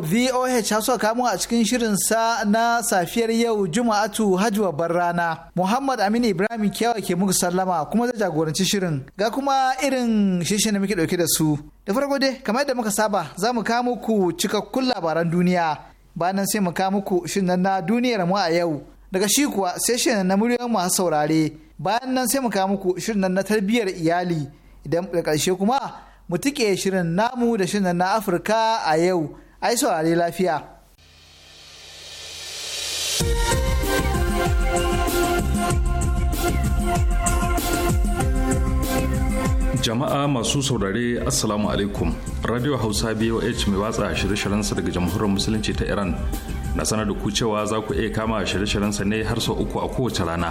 voh hasuwa kamu a cikin shirin sa na safiyar yau juma'atu hajji babbar rana muhammad aminu ibrahim kyawa ke muku sallama kuma zai jagoranci shirin ga kuma irin shirin da muke dauke da su da farko dai kamar yadda muka saba za mu kawo muku cikakkun labaran duniya bayan sai mu kawo muku shirin na duniyar mu a yau daga shi kuwa sai na muryoyin masu saurare bayan nan sai mu kawo muku shirin na tarbiyyar iyali idan da ƙarshe kuma mu tike shirin namu da shirin na Afirka a yau ai saurari lafiya. jama'a masu saurare assalamu alaikum radio hausa boh mai watsa shirye sa daga jamhuriyar musulunci ta iran na sanar da ku cewa za ku iya kama shirye sa ne har sau uku a kowace rana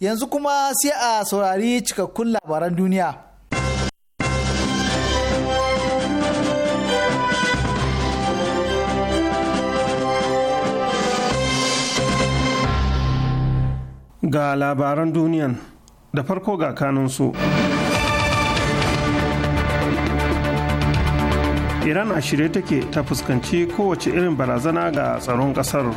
yanzu kuma sai a saurari cikakkun labaran duniya. Ga labaran duniyan da farko ga kanunsu. Iran a shirye take ta fuskanci kowace irin barazana ga tsaron ƙasar.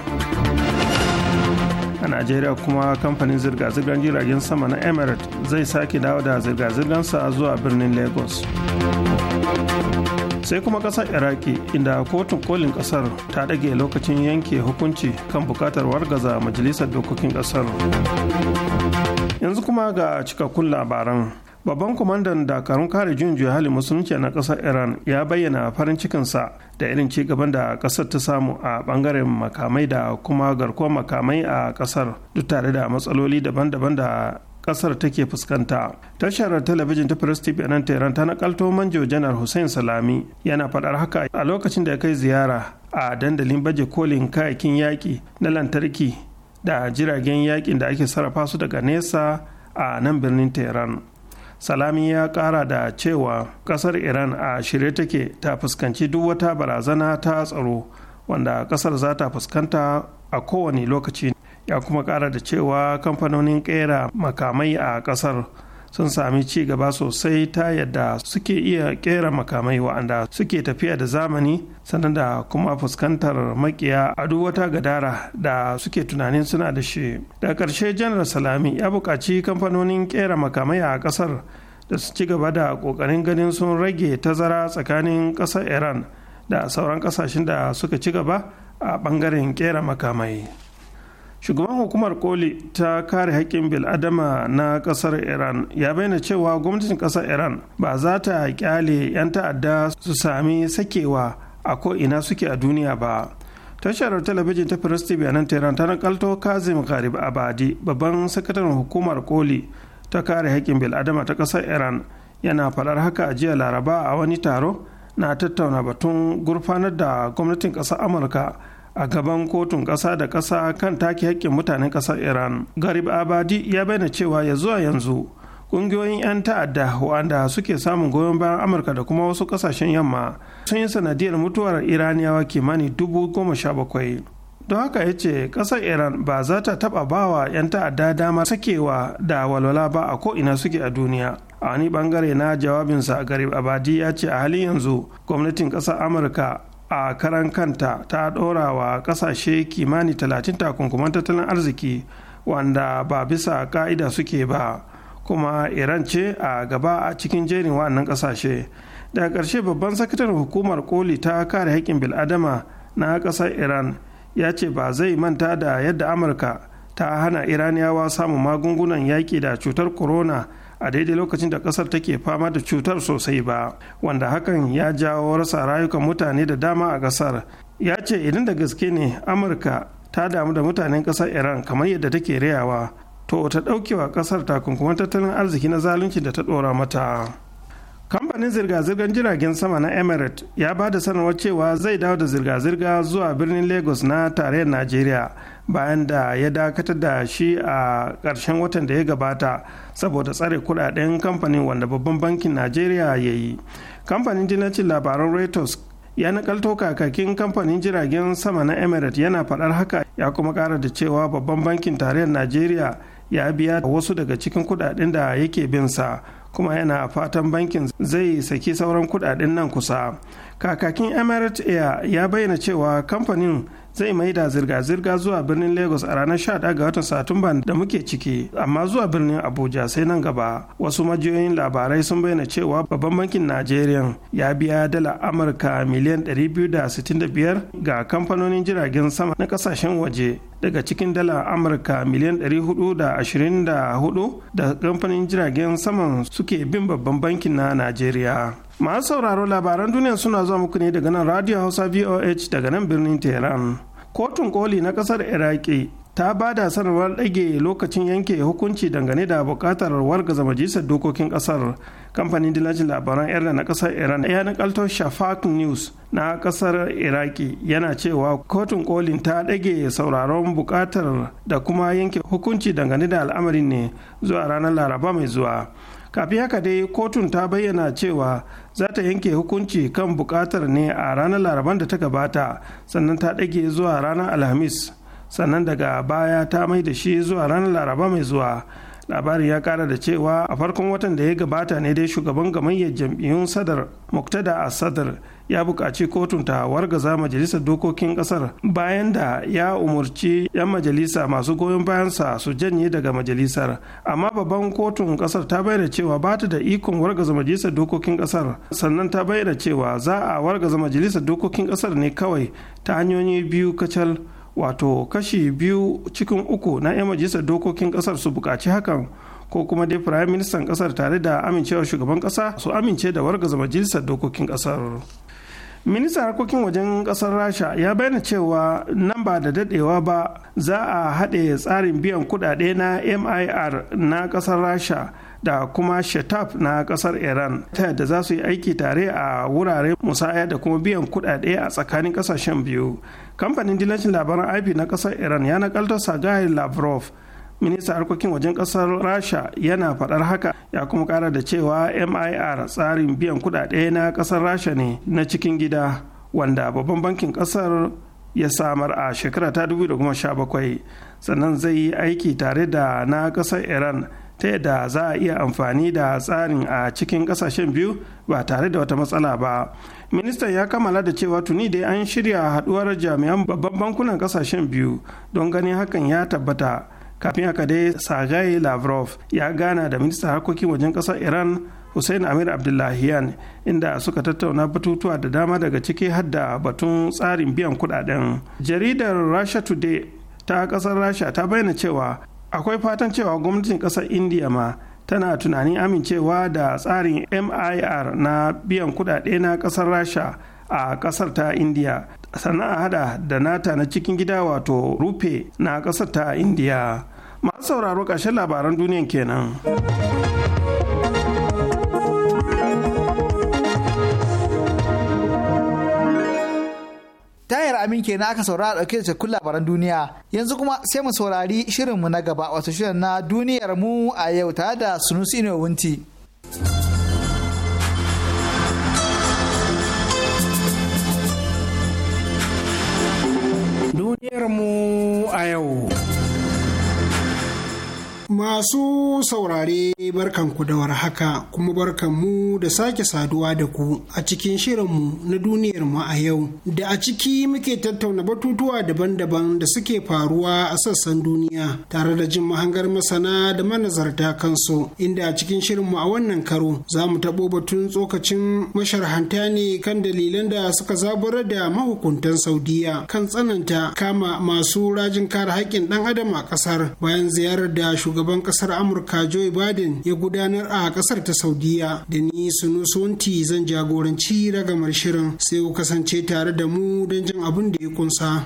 a najeriya kuma kamfanin zirga-zirgar jiragen sama na emirates zai sake dawo da zirga-zirgarsa zuwa birnin lagos sai kuma kasar iraki inda kotun kolin kasar ta ɗage lokacin yanke hukunci kan bukatar wargaza majalisar dokokin kasar yanzu kuma ga cikakkun labaran babban kwamandan dakarun kare juyin juya hali musulunci na kasar iran ya bayyana farin cikinsa da irin ci gaban da kasar ta samu a bangaren makamai da kuma garkuwar makamai a kasar duk tare da matsaloli daban-daban da kasar take fuskanta tashar talabijin ta press tv nan tehran ta nakalto manjo janar hussein salami yana faɗar haka a lokacin da ya kai ziyara a dandalin baje kolin kayakin yaƙi na lantarki da jiragen yaƙin da ake sarrafa su daga nesa a nan birnin tehran salami ya kara da cewa kasar iran a shirye take ta fuskanci duk wata barazana ta tsaro wanda kasar za ta fuskanta a kowane lokaci ya kuma kara da cewa kamfanonin kera makamai a kasar sun sami ci gaba sosai ta yadda suke iya kera makamai wa'anda suke tafiya da zamani sannan da kuma fuskantar makiya a duk wata gadara da suke tunanin suna da shi da ƙarshe janar salami ya buƙaci kamfanonin kera makamai a ƙasar da su ci gaba da ƙoƙarin ganin sun rage tazara tsakanin ƙasar iran da sauran ƙasashen da suka ci gaba a ɓangaren kera makamai. shugaban hukumar koli ta kare haƙƙin bil'adama na ƙasar iran ya bayyana cewa gwamnatin ƙasar iran ba za ta kyale 'yan ta'adda su sami sakewa a ko'ina suke a duniya ba tashar talabijin ta firas tv a nan tehran ta nakalto kazim garib abadi babban sakataren hukumar koli ta kare haƙƙin bil'adama ta ƙasar iran yana faɗar haka a jiya laraba a wani taro na tattauna batun gurfanar da gwamnatin ƙasar amurka a gaban kotun ƙasa da ƙasa kan take haƙƙin mutanen ƙasar iran garib abadi ya bayyana cewa ya zuwa yanzu ƙungiyoyin 'yan ta'adda wanda suke samun goyon bayan amurka da kuma wasu ƙasashen yamma sun yi sanadiyar mutuwar iraniyawa kimanin dubu goma sha bakwai don haka ya ce ƙasar iran ba za ta taɓa bawa 'yan ta'adda dama sakewa da walwala ba a ko'ina suke a duniya a wani bangare na jawabinsa garib abadi ya ce a halin yanzu gwamnatin ƙasar amurka a karan kanta ta ɗora wa ƙasashe kimani talatin takunkuman tattalin arziki wanda ba bisa ƙa'ida suke ba kuma iran ce a gaba a cikin jerin wa'annan ƙasashe daga ƙarshe babban sakataren hukumar koli ta kare haƙƙin bil'adama na ƙasar iran ya ce ba zai manta da yadda amurka ta hana iraniyawa samun magungunan yaƙi da cutar corona a daidai lokacin da kasar take fama da cutar sosai ba wanda hakan ya jawo rasa rayukan mutane da dama a kasar ya ce idan da gaske ne amurka ta damu da mutanen kasar iran kamar yadda take rayawa to ta ɗaukewa kasar takunkuman tattalin arziki na zalunci da ta ɗora mata kamfanin zirga-zirgar jiragen sama na emirates ya ba da sanarwar cewa zai dawo da zirga-zirga zuwa birnin lagos na tarayyar najeriya bayan da ya dakatar da shi a ƙarshen watan da ya gabata saboda tsare kudaden kamfanin wanda babban bankin najeriya ya yi kamfanin dinacin labaran reuters ya nakalto kakakin kamfanin jiragen sama na emirates yana faɗar haka ya kuma ƙara da cewa babban bankin tarayyar najeriya ya biya wasu daga cikin kudaden da yake bin sa kuma yana fatan bankin zai saki sauran kudaden nan kusa kakakin emirates air ya bayyana cewa kamfanin zai mai da zirga-zirga zuwa birnin lagos a ranar 11 ga watan satumba da muke ciki amma zuwa birnin abuja sai nan gaba wasu majiyoyin labarai sun bayyana cewa babban bankin najeriya ya biya dala amurka miliyan 265 ga kamfanonin jiragen sama na kasashen waje daga cikin dala amurka miliyan 424 da kamfanin jiragen saman suke bin babban bankin na najeriya masu sauraro labaran duniya suna zuwa muku ne daga nan radio hausa voh daga nan birnin tehran kotun koli na kasar iraki ta ba da sanarwar ɗage lokacin yanke hukunci dangane da buƙatar wargaza majalisar dokokin ƙasar kamfanin dillacin labaran erna na ƙasar iran ya nakalto shafak news na ƙasar iraki yana cewa kotun kolin ta ɗage sauraron buƙatar da kuma yanke hukunci dangane da al'amarin ne zuwa ranar laraba mai zuwa kafin haka dai kotun ta bayyana cewa za ta yanke hukunci kan buƙatar ne a ranar laraban da ta gabata sannan ta ɗage zuwa ranar alhamis sannan daga baya ta mai da shi zuwa ranar laraba mai zuwa labari ya kara da cewa a farkon watan da ya gabata ne dai shugaban gamayyar jam'iyyun sadar muktada a sadar ya buƙaci kotun ta wargaza majalisar dokokin ƙasar bayan da ya umarci 'yan majalisa masu goyon bayansa su janye daga majalisar amma babban kotun ƙasar ta bayyana cewa ba ta da ikon wargaza majalisar dokokin ƙasar sannan ta bayyana cewa za a wargaza majalisar dokokin ƙasar ne kawai ta hanyoyi biyu kacal wato kashi biyu cikin uku na 'yan majalisar dokokin kasar su buƙaci hakan ko kuma dai firayim ministan kasar tare da amincewar shugaban kasa su amince da wargaza majalisar dokokin kasar ministan harkokin wajen kasar rasha ya bayyana cewa nan ba da dadewa ba za a haɗe tsarin biyan kudade na mir na kasar rasha da kuma shataf na kasar iran ta yadda za su yi aiki tare a wurare musaya da kuma biyan kudade a tsakanin kasashen biyu kamfanin dilancin labaran ip na kasar iran ya nakaltar sagayen lavrov ministan harkokin wajen kasar rasha yana faɗar haka ya kuma kara da cewa mir tsarin biyan kudade na kasar rasha ne na cikin gida wanda babban bankin kasar ya samar a shekara ta 2017 sannan zai yi aiki tare da na kasar iran ta yadda za a iya amfani da tsarin a cikin kasashen biyu ba tare da wata matsala ba ministan ya kammala da cewa tuni dai an shirya haduwar jami'an babban bankunan kasashen biyu don ganin hakan ya tabbata kafin haka dai sagai lavrov ya gana da ministan harkokin wajen kasar iran hussein amir abdullahiyan inda suka tattauna batutuwa da dama daga ciki hadda batun tsarin biyan kudaden jaridar rasha today ta kasar rasha ta bayyana cewa akwai fatan cewa gwamnatin ƙasar indiya ma tana tunanin amincewa da tsarin mir na biyan kudade na kasar rasha a kasar ta indiya sannan hada da nata na cikin gida wato rufe na kasar ta indiya masu sauraro ƙarshen labaran duniyan kenan. tayar amin na aka saurara ɗauke da cikakkun labaran duniya yanzu kuma sai mu saurari shirinmu na gaba wato shirin na duniyar mu a yau tare da sunusi ne wunti duniyar mu a yau Masu saurare barkanku da warhaka kuma barkanmu da sake saduwa da ku a cikin shirinmu na duniyarmu a yau da a ciki muke tattauna batutuwa daban-daban da suke faruwa a sassan duniya tare da jin mahangar masana da manazarta kansu inda a cikin shirinmu a wannan karo za mu taɓo batun tsokacin masharhanta ne kan dalilan da suka zabar da mahukuntan Saudiya kan tsananta kama masu rajin kare haƙƙin ɗan adam a ƙasar bayan ziyarar da shugaban shugaban kasar amurka joe biden ya gudanar a kasar ta saudiya da ni sunu sonti zan jagoranci ragamar shirin sai ku kasance tare da mu don jin abin da ya kunsa.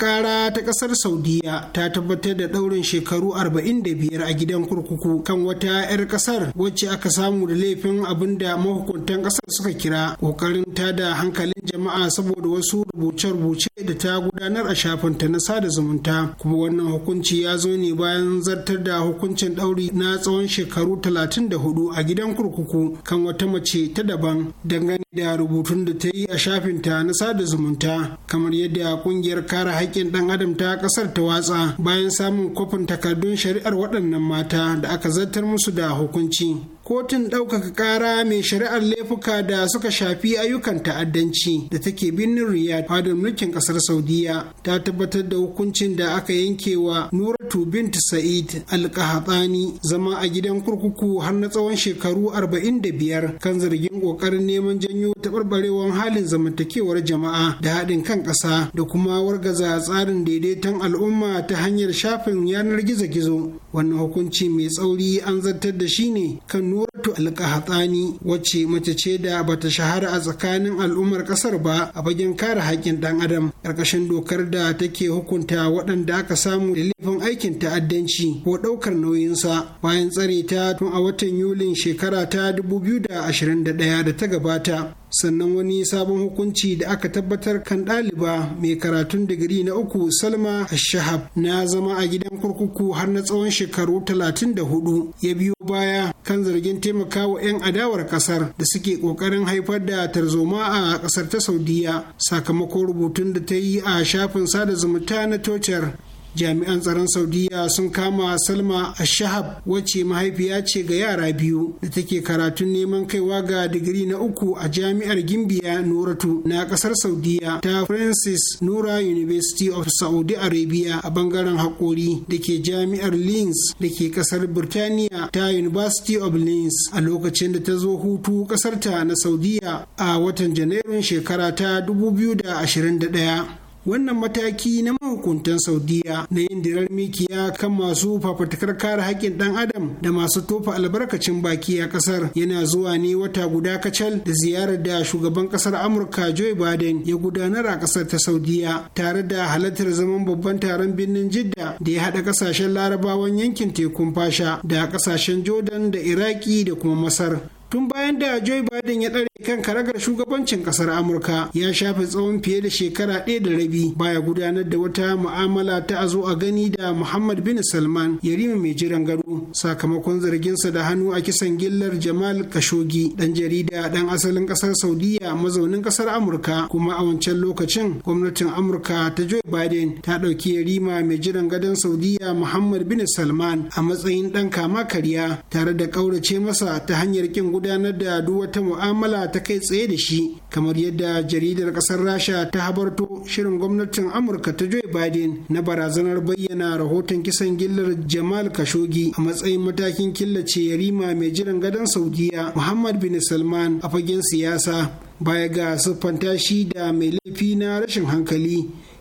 kara ta kasar saudiya ta tabbatar da daurin shekaru 45 a gidan kurkuku kan wata 'yar kasar wacce aka samu da laifin abin da mahukuntan kasar suka kira kokarin da hankalin jama'a saboda wasu rubuce-rubuce da ta gudanar a shafinta na sada zumunta kuma wannan hukunci ya zo ne bayan zartar da hukuncin dauri na tsawon shekaru 34 a gidan kurkuku kan wata mace ta daban dangane da rubutun da ta yi a shafinta na sada zumunta kamar yadda kungiyar kare haƙƙin ɗan adam ta ƙasar ta watsa bayan samun kwafin takardun shari'ar waɗannan mata da aka zartar musu da hukunci kotun ɗaukaka ƙara mai shari'ar laifuka da suka shafi ayyukan ta'addanci da take birnin riyadh fadar mulkin ƙasar saudiya ta tabbatar da hukuncin da aka yanke wa nuratu bint sa'id alƙahatsani zama a gidan kurkuku har na tsawon shekaru arba'in da biyar kan zargin ƙoƙarin neman janyo taɓarɓarewar halin zamantakewar jama'a da haɗin kan ƙasa da kuma wargaza tsarin daidaiton al'umma ta hanyar shafin yanar gizo-gizo wannan hukunci mai tsauri an zartar da shi ne kan nuratu alkahatsani wacce mace ce da bata shahara a tsakanin al'ummar kasar ba a bagen kare haƙƙin ɗan adam ƙarƙashin dokar da take hukunta waɗanda aka samu da laifin aikin ta'addanci ko ɗaukar nauyinsa bayan tsare ta tun a watan yulin shekara ta dubu da ɗaya da ta gabata sannan wani sabon hukunci da aka tabbatar kan ɗaliba mai karatun digiri na uku salma shahab na zama a gidan kurkuku har na tsawon shekaru talatin da hudu. ya biyo baya kan zargin taimakawa 'yan adawar kasar da suke kokarin haifar da tarzoma a kasar ta saudiya sakamakon rubutun da ta yi a shafin sada zumunta na tocar jami'an tsaron saudiya sun kama salma ashahab wacce mahaifiya ce ga yara biyu da take karatun neman kaiwa ga digiri na uku a jami'ar gimbiya nuratu na kasar saudiya ta francis nura university of saudi arabia a bangaren Hakori, da ke jami'ar lins da ke kasar birtaniya ta university of lins a lokacin da ta zo hutu kasarta na saudiya a watan janairun shekara ta 2021 wannan mataki na mahukuntan saudiya na yin dirar mikiya kan masu fafatakar kare haƙƙin ɗan adam da masu tofa albarkacin baki a ƙasar yana zuwa ne wata guda kacal da ziyarar da shugaban ƙasar amurka joe biden ya gudanar a ƙasar ta saudiya tare da halartar zaman babban taron birnin jidda da ya haɗa ƙasashen larabawan yankin tekun fasha da ƙasashen jordan da iraki da kuma masar tun bayan da Joe Biden ya ɗare kan karagar shugabancin kasar amurka ya shafe tsawon fiye da shekara ɗaya da rabi baya gudanar da wata mu'amala ta a zo a gani da muhammad bin salman yarima mai jiran gado sakamakon zarginsa da hannu a kisan gillar jamal kashogi ɗan jarida ɗan asalin ƙasar saudiya mazaunin ƙasar amurka kuma a wancan lokacin gwamnatin amurka ta joe biden ta ɗauki yarima mai jiran gadon saudiya muhammad bin salman a matsayin ɗan kama karya tare da ƙaurace masa ta hanyar kin gudanar da duk wata mu'amala ta kai tsaye da shi kamar yadda jaridar kasar rasha ta habarto shirin gwamnatin amurka ta joe biden na barazanar bayyana rahoton kisan gillar jamal kashogi a matsayin matakin killace yarima mai jiran gadon saudiya muhammad bin salman a fagen siyasa baya ga siffanta shi da mai laifi na rashin hankali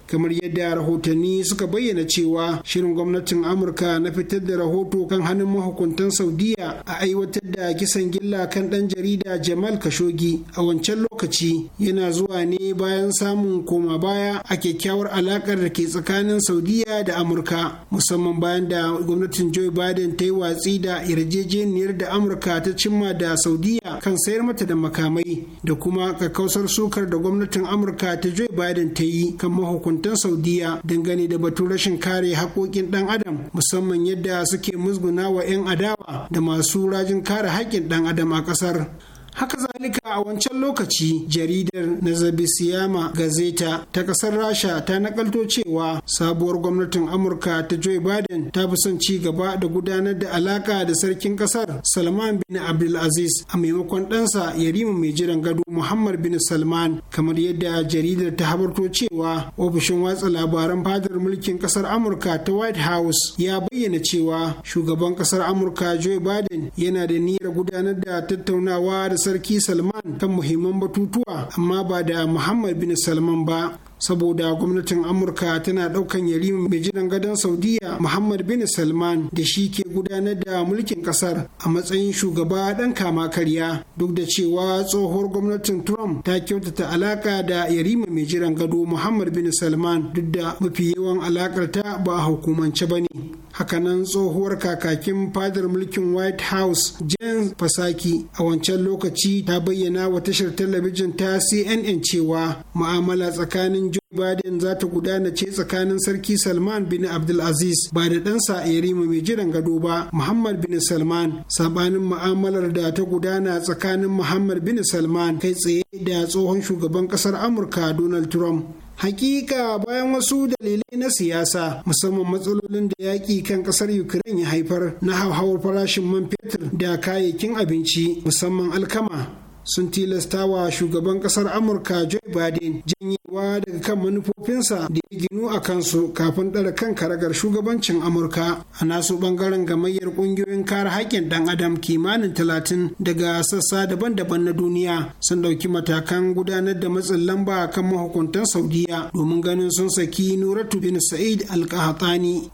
kamar yadda rahotanni suka bayyana cewa shirin gwamnatin amurka na fitar da rahoto kan hannun mahukuntan saudiya a aiwatar da kisan gilla kan ɗan jarida jamal kashogi a wancan lokaci yana zuwa ne bayan samun koma baya a kyakkyawar alakar da ke tsakanin saudiya da amurka musamman bayan da gwamnatin joe biden ta yi watsi da yarjejeniyar da amurka ta cimma da saudiya kan sayar mata da makamai da kuma kakkausar sukar da gwamnatin amurka ta joe biden ta yi kan mahukuntan mahukuntan saudiya dangane da batun rashin kare haƙoƙin ɗan adam musamman yadda suke musguna wa 'yan adawa da masu rajin kare haƙƙin ɗan adam a ƙasar haka zalika a wancan lokaci jaridar nazabisiyama gazeta ta kasar rasha ta nakalto cewa sabuwar gwamnatin amurka ta joe biden ta fi son ci gaba da gudanar da alaka da sarkin kasar salman bin abdulaziz a maimakon ɗansa yarima mai jiran gado muhammad bin salman kamar yadda jaridar ta habarto cewa ofishin watsa labaran fadar mulkin kasar amurka ta white house ya bayyana cewa shugaban kasar amurka joe biden yana da niyyar gudanar da tattaunawa da sarki salman kan muhimman batutuwa amma ba da muhammad bin salman ba saboda gwamnatin amurka tana daukan yarima mai jiran gadon saudiya muhammad bin salman da shi ke gudanar da mulkin kasar a matsayin shugaba dan kama karya duk da cewa tsohuwar gwamnatin trump ta kyautata alaka da yarima mai jiran gado muhammad bin salman duk da mafi yawan alakar ta ba a hukumance ba ne hakanan tsohuwar kakakin fadar mulkin white house jen fasaki a wancan lokaci ta bayyana wa tashar talabijin ta cnn cewa ma'amala tsakanin joe biden za ta gudana ce tsakanin sarki salman bin abdulaziz ba da ɗansa yarima mai jiran gado ba muhammad bin salman sabanin ma'amalar da ta gudana tsakanin muhammad bin salman kai tsaye da tsohon shugaban ƙasar amurka donald trump hakika bayan wasu dalilai na siyasa musamman matsalolin da yaƙi kan ƙasar ukraine ya haifar na hauhawar farashin man fetur da kayayyakin abinci musamman alkama sun tilasta wa shugaban kasar amurka joe biden janyewa daga kan manufofinsa da ya ginu a kansu kafin ɗara kan karagar shugabancin amurka a nasu ɓangaren gamayyar ƙungiyoyin kare haƙƙin ɗan adam kimanin talatin daga sassa daban-daban na duniya sun ɗauki matakan gudanar da matsin lamba kan mahukuntan saudiya domin ganin sun saki nuratu bin sa'id al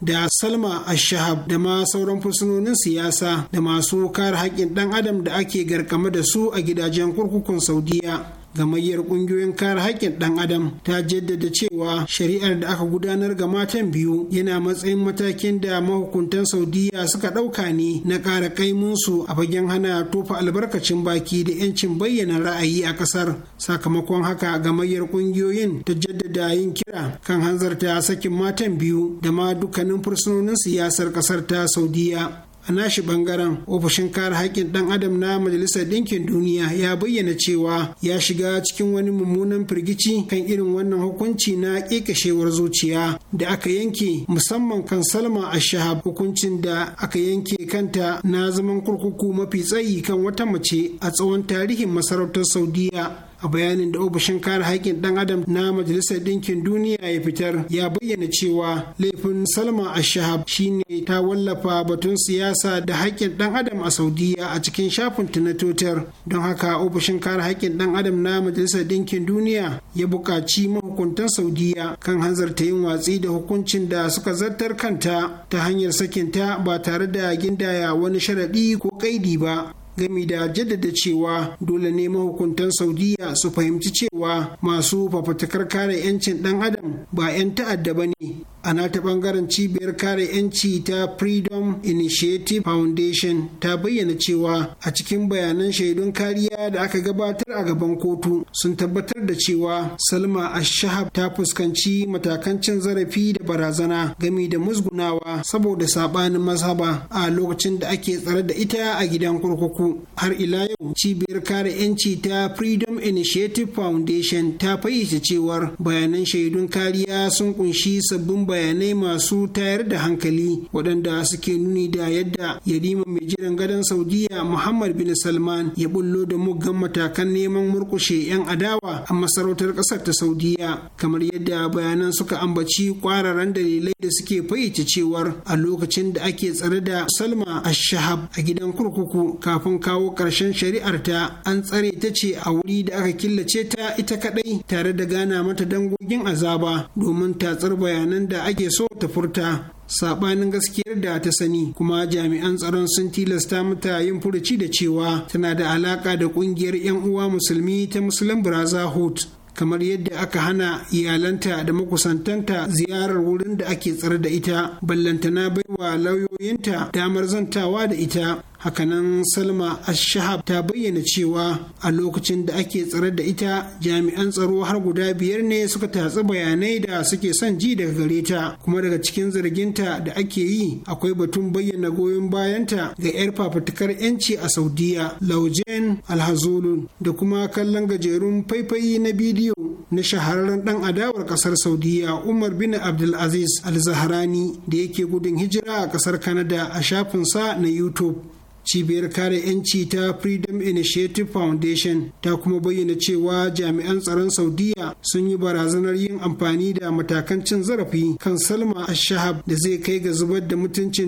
da salma ashahab da ma sauran fursunonin siyasa da masu kare haƙƙin ɗan adam da ake garkama da su a gidajen wajen kurkukun saudiya gamayyar kungiyoyin kare haƙƙin ɗan adam ta jaddada cewa shari'ar da aka gudanar ga matan biyu yana matsayin matakin da mahukuntan saudiya suka ɗauka ne na ƙara kaimunsu a fagen hana tofa albarkacin baki da 'yancin bayyana ra'ayi a ƙasar sakamakon haka gamayyar kungiyoyin ta jaddada yin kira kan hanzarta sakin matan biyu da ma dukkanin fursunonin siyasar ƙasar ta saudiya a nashi bangaren ofishin kare haƙƙin ɗan adam na majalisar ɗinkin duniya ya bayyana cewa ya shiga cikin wani mummunan firgici kan irin wannan hukunci na ƙiƙashewar zuciya da aka yanke musamman kan salma a shahab hukuncin da aka yanke kanta na zaman kurkuku mafi tsayi kan wata mace a tsawon tarihin masarautar saudiya a bayanin da ofishin kare haƙƙin ɗan adam na majalisar ɗinkin duniya ya fitar ya bayyana cewa laifin salma ashahab shine ta wallafa batun siyasa da haƙƙin ɗan adam a saudiya a cikin shafin ta na twitter don haka ofishin kare haƙƙin ɗan adam na majalisar ɗinkin duniya ya buƙaci mahukuntan saudiya kan hanzarta yin watsi da hukuncin da suka zartar kanta ta hanyar sakinta ba tare da gindaya wani sharaɗi ko ƙaidi ba gami da jaddada cewa dole ne mahukuntan saudiya su fahimci cewa masu fafatakar kare 'yancin ɗan adam ba 'yan ta'adda ba ne a nata bangaren cibiyar kare 'yanci ta freedom initiative foundation ta bayyana cewa a cikin bayanan shaidun kariya da aka gabatar a gaban kotu sun tabbatar da cewa salma ashahab ta fuskanci matakan cin zarafi da barazana gami da musgunawa saboda sabanin mazhaba a lokacin da ake tsare da ita a gidan kurkuku har ila yau cibiyar kare 'yanci ta freedom initiative foundation ta fayyace cewar bayanan shaidun kariya sun kunshi sabbin bayanai masu tayar da hankali waɗanda suke nuni da yadda yarima mai jiran gadon saudiya muhammad bin salman ya bullo da muggan matakan neman murkushe 'yan adawa a masarautar ƙasar ta saudiya kamar yadda bayanan suka ambaci kwararan dalilai da suke fayyace cewar a lokacin da ake tsare da salma shahab a gidan kurkuku kafin kawo ƙarshen shari'arta ta an tsare ta ce a wuri da aka killace ta ita kaɗai tare da gana mata dangogin azaba domin tatsar bayanan da ake so ta furta sabanin gaskiyar da ta sani kuma jami'an tsaron sun tilasta mata yin furuci da cewa tana da alaka da kungiyar 'yan uwa musulmi ta muslim brotherhood kamar yadda aka hana iyalanta da makusantanta ziyarar wurin da ake tsare da ita ballantana baiwa lauyoyinta damar zantawa da ita hakanan salma ashahab ta bayyana cewa a lokacin da ake tsare da ita jami'an tsaro har guda biyar ne suka tatsi bayanai da suke son ji daga gare ta kuma daga cikin zarginta da ake yi akwai batun bayyana goyon bayanta ga 'yar fafutukar 'yanci a saudiya laujen alhazulun da kuma kallon gajerun faifayi na bidiyo na shahararren dan adawar kasar saudiya umar bin abdulaziz al-zahrani da yake gudun hijira a kasar kanada a shafinsa na youtube cibiyar kare 'yanci ta freedom initiative foundation ta kuma bayyana cewa jami'an tsaron saudiya sun yi barazanar yin amfani da matakan cin zarafi kan salma ashahab da zai kai ga zubar da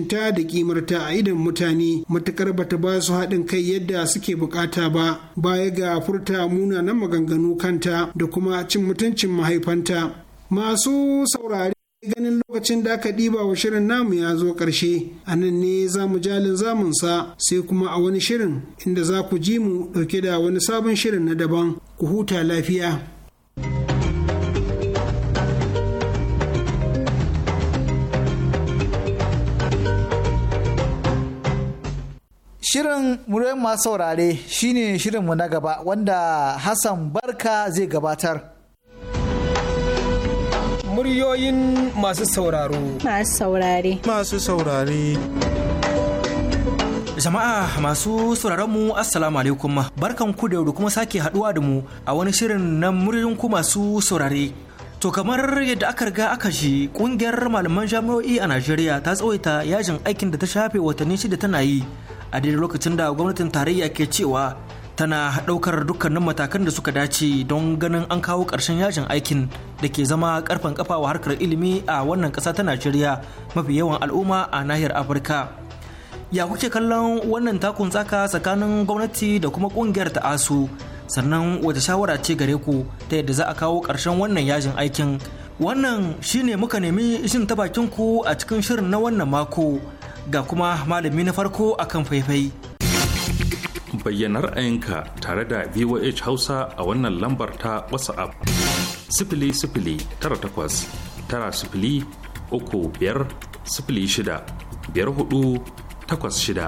ta da ta a idan mutane matukar bata ba su haɗin kai yadda suke bukata ba baya ga furta munanan maganganu kanta da kuma cin mutuncin mahaifanta masu saurare ganin lokacin da aka ɗiba wa shirin namu ya zo ƙarshe a nan ne za mu jalin zamunsa sai kuma a wani shirin inda za ku ji mu ɗauke da wani sabon shirin na daban ku huta lafiya. Shirin murai masu saurare shine shirinmu na gaba wanda Hassan Barka zai gabatar. muryoyin masu sauraro. Masu saurare. Masu saurare. Jama'a masu sauraron mu Assalamu alaikum barkan ku da kuma sake haduwa da mu a wani shirin na muryoyin ku masu saurare. To kamar yadda aka riga aka shi kungiyar malaman jami'o'i a Najeriya ta tsawaita yajin aikin da ta shafe watanni shida tana yi a daidai lokacin da gwamnatin tarayya ke cewa tana ɗaukar dukkanin matakan da suka dace don ganin an kawo ƙarshen yajin aikin da ke zama ƙafa wa harkar ilimi a wannan ƙasa ta najeriya mafi yawan al'umma a nahiyar afirka ya kuke kallon wannan takun tsaka tsakanin gwamnati da kuma ƙungiyar ta asu sannan wata shawara ce gare ku ta yadda za a kawo ƙarshen wannan yajin aikin wannan shine muka nemi shin ta bakin ku a cikin shirin na wannan mako ga kuma malami na farko akan faifai bayyana ra'ayinka tare da voh hausa a wannan lambar ta whatsapp sifili sifili tara takwas tara sifili uku biyar sifili shida biyar hudu takwas shida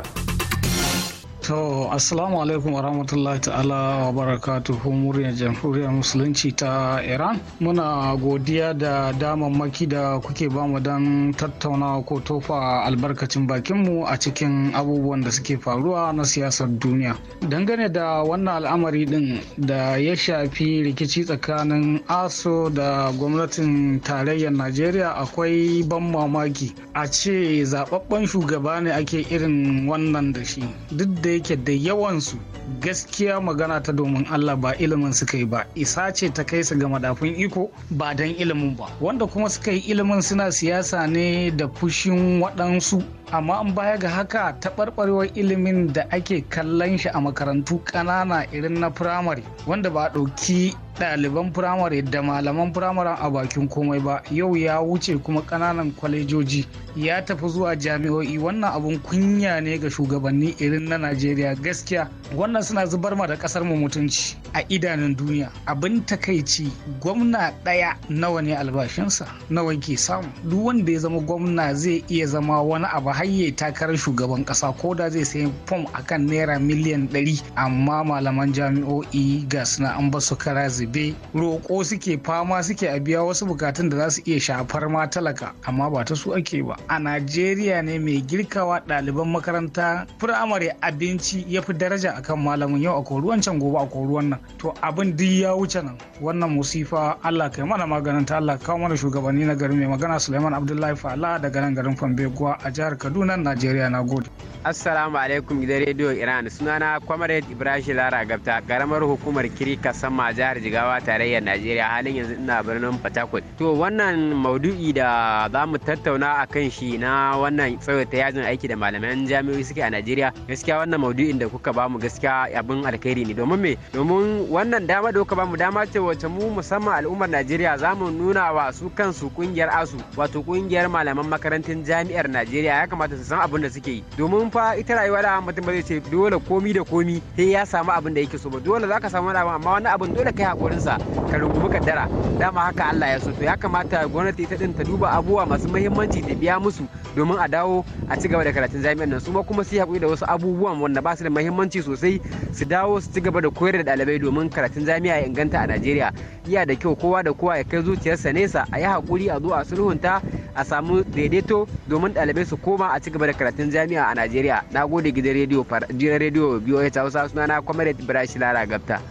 To, Assalamu alaikum warahmatullahi ta'ala wa barakatuhu muryar jamhuriyar musulunci ta Iran. Muna godiya da damammaki da kuke bamu don tattauna ko tofa albarkacin bakinmu a cikin abubuwan da suke faruwa na siyasar duniya. Dangane da wannan al'amari din da ya shafi rikici tsakanin ASO da gwamnatin tarayyar Najeriya akwai ban mamaki. A ce zababben shugaba ne ake irin wannan da shi. Duk da yake da yawansu gaskiya magana ta domin Allah ba ilimin suka yi ba isa ce ta kai su ga madafun iko ba don ilimin ba wanda kuma suka yi ilimin suna siyasa ne da fushin waɗansu amma an baya ga haka taɓarɓarewar ilimin da ake kallon shi a makarantu ƙanana irin na firamare wanda ba a ɗauki ɗaliban firamare da malaman firamare a bakin komai ba yau ya wuce kuma ƙananan kwalejoji ya tafi zuwa jami'o'i wannan abun kunya ne ga shugabanni irin na najeriya gaskiya wannan suna zubar ma da ƙasar mu mutunci a idanun duniya abin takaici gwamna ɗaya nawa ne albashinsa nawa ke samu duk wanda ya zama gwamna zai iya zama wani abu hayye takarar shugaban kasa ko da zai sayi fom akan naira miliyan 100 amma malaman jami'o'i ga suna an ba su kara zube roƙo suke fama suke a biya wasu bukatun da za su iya shafar ma talaka amma ba ta su ake ba a najeriya ne mai girkawa ɗaliban makaranta firamare abinci ya fi daraja akan malamin yau a koruwan can gobe a koruwan nan to abin duk ya wuce nan wannan musifa allah kai mana maganin ta allah kawo mana shugabanni na garin mai magana suleiman abdullahi fala daga nan garin fambeguwa a jihar kaduna Kaduna, Najeriya. Na gode. Assalamu alaikum gidan rediyo Iran sunana Comrade Ibrahim Lara Gabta karamar hukumar kiri Sama jihar Jigawa tarayyar Najeriya halin yanzu ina birnin Fatakwal. To wannan maudu'i da za mu tattauna a kan shi na wannan tsawaita yajin aiki da malaman jami'o'i suke a Najeriya gaskiya wannan maudu'in da kuka bamu gaskiya abin alkhairi ne domin me domin wannan dama da kuka bamu dama ce wacce mu musamman al'ummar Najeriya za mu nuna wa su kansu kungiyar ASU wato kungiyar malaman makarantun jami'ar Najeriya ya kamata su san abin da suke yi domin fa ita rayuwa da mutum ba zai ce dole komi da komi sai ya samu abin da yake so ba dole za ka samu wani abin amma wani abin dole kai hakurin sa ka rungumi kaddara dama haka Allah ya so to ya kamata gwamnati ta din ta duba abubuwa masu muhimmanci ta biya musu domin a dawo a ci gaba da karatun jami'an nan su ma kuma su haƙuri da wasu abubuwan wanda ba su da muhimmanci sosai su dawo su ci gaba da koyar da dalibai domin karatun jami'a ya inganta a Najeriya iya da kyau kowa da kowa ya kai zuciyarsa nesa a yi haƙuri a zo a sulhunta a samu daidaito domin ɗalibai su koma a cigaba da karatun jami'a a Najeriya. Na gode gidan rediyo gidan rediyo BOH Hausa sunana Comrade Ibrahim Lara Gabta.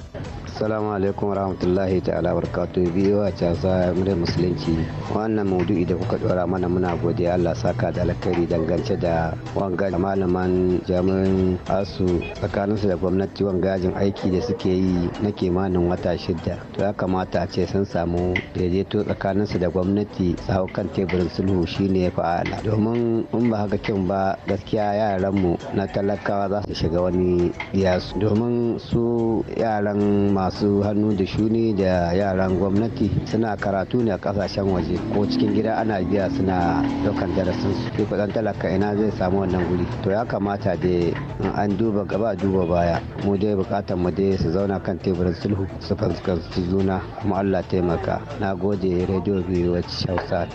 assalamu alaikum warahmatullahi ta'ala barkatu biyu a casa muryar musulunci wannan maudu'i da kuka dora mana muna godiya Allah saka da alkhairi dangance da wanga malaman jami'in asu tsakaninsu da gwamnati wangajin aiki da suke yi na kimanin wata shida to ya kamata a ce sun samu daidaito tsakaninsu da gwamnati su hau kan teburin sulhu shine fa'ala domin in ba haka kin ba gaskiya yaranmu na talakawa za su shiga wani diyasu domin su yaran masu masu hannu da shuni da yaran gwamnati suna karatu ne a kasashen waje ko cikin gida ana biya suna daukan darasin su ke kudan talaka ina zai samu wannan guri to ya kamata da an duba gaba duba baya mu dai bukatar mu dai su zauna kan teburin sulhu su fuskanci juna kuma Allah taimaka na gode radio biyu wacce Hausa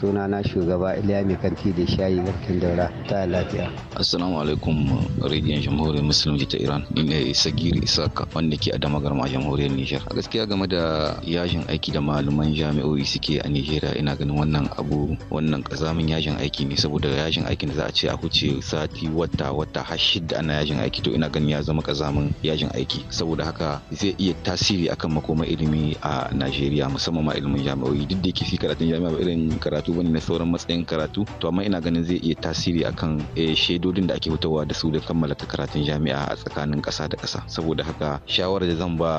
suna na shugaba Iliya kanti da shayi garkin daura ta lafiya assalamu alaikum radio jamhuriyar musulunci ta Iran ni ne Sagiri Isaka wanda ke a garma a jamhuriyar Nijar. A gaskiya game da yajin aiki da malaman jami'o'i suke a Nijeriya ina ganin wannan abu wannan kazamin yajin aiki ne saboda yajin aikin da za a ce a huce sati wata wata har shida ana yajin aiki to ina ganin ya zama kazamin yajin aiki saboda haka zai iya tasiri akan makoma ilimi a Najeriya musamman ma ilimin jami'o'i duk da yake shi karatun jami'a ba irin karatu bane na sauran matsayin karatu to amma ina ganin zai iya tasiri akan eh, shaidodin da ake fitowa da su da kammala karatun jami'a a tsakanin ƙasa da ƙasa saboda haka shawarar da zan ba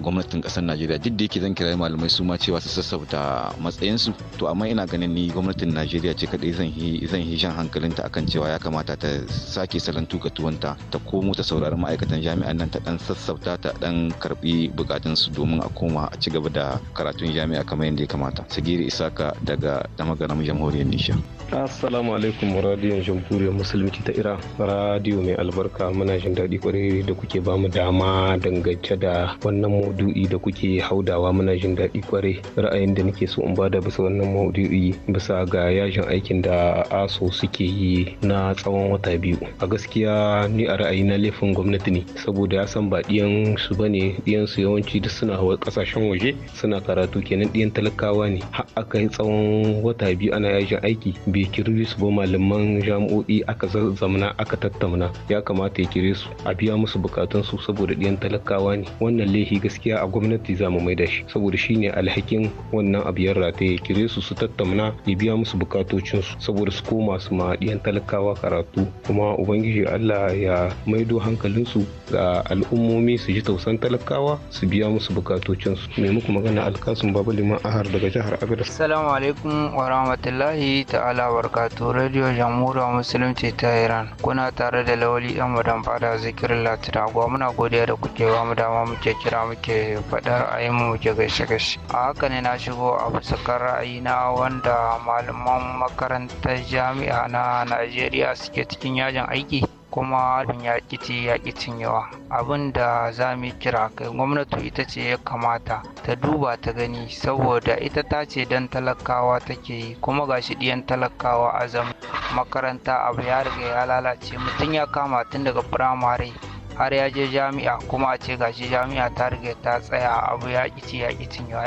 gwamnatin kasar najeriya duk da yake zan kira malamai su ma cewa su sassauta matsayinsu to amma ina ganin ni gwamnatin najeriya ce kadai zan yi zan yi jan hankalinta akan cewa ya kamata ta sake salon tuka tuwanta ta komo ta saurari ma'aikatan jami'an nan ta dan sassauta ta dan karbi bukatunsu domin a koma a ci gaba da karatun jami'a kamar yadda ya kamata sagiri isaka daga damagaram jamhuriyar nisha Assalamu alaikum radiyon jamhuriyar musulunci ta Iran. Radiyo mai albarka muna jin daɗi kwarai da kuke ba mu dama dangance da wannan maudu'i da kuke haudawa muna jin daɗi kwarai. Ra'ayin da nake so in da bisa wannan maudu'i bisa ga yajin aikin da aso suke yi na tsawon wata biyu. A gaskiya ni a ra'ayi na laifin gwamnati ne saboda ya san ba ɗiyan su ne ɗiyan su yawanci duk suna ƙasashen waje suna karatu kenan ɗiyan talakawa ne har aka yi tsawon wata biyu ana yajin aiki bai kire su ba malaman jami'o'i aka zamana aka tattauna ya kamata ya kire su a biya musu bukatun su saboda ɗiyan talakawa ne wannan laifi gaskiya a gwamnati za mu maida shi saboda shine alhakin wannan abu ya rataye ya kire su su tattauna ya biya musu bukatocin su saboda su koma su ma ɗiyan talakawa karatu kuma ubangiji Allah ya maido hankalinsu su ga al'ummomi su ji tausan talakawa su biya musu bukatocin su mai muku magana alkasun babu liman ahar daga jihar agadar. assalamu alaikum wa rahmatullahi ta'ala ta'ala barkatu radio jamhuriyar musulunci ta iran kuna tare da lawali yan madan fada zikirin latina gwa muna godiya da kuke ba mu dama muke kira muke faɗar ayin mu ke gaishe gaishe a haka ne na shigo a bisa ra'ayi na wanda malaman makarantar jami'a na najeriya suke cikin yajin aiki kuma ya ƙici ya ƙi cinyewa abin da za mu kira kai gwamnati ita ce ya kamata ta duba ta gani saboda ita ta ce don talakawa take yi kuma gashi ɗiyan talakawa a zama makaranta abu ya riga ya lalace mutum ya kama tun daga firamare har ya je jami'a kuma a ce gashi jami'a ta riga ta tsaya abu ya kici ya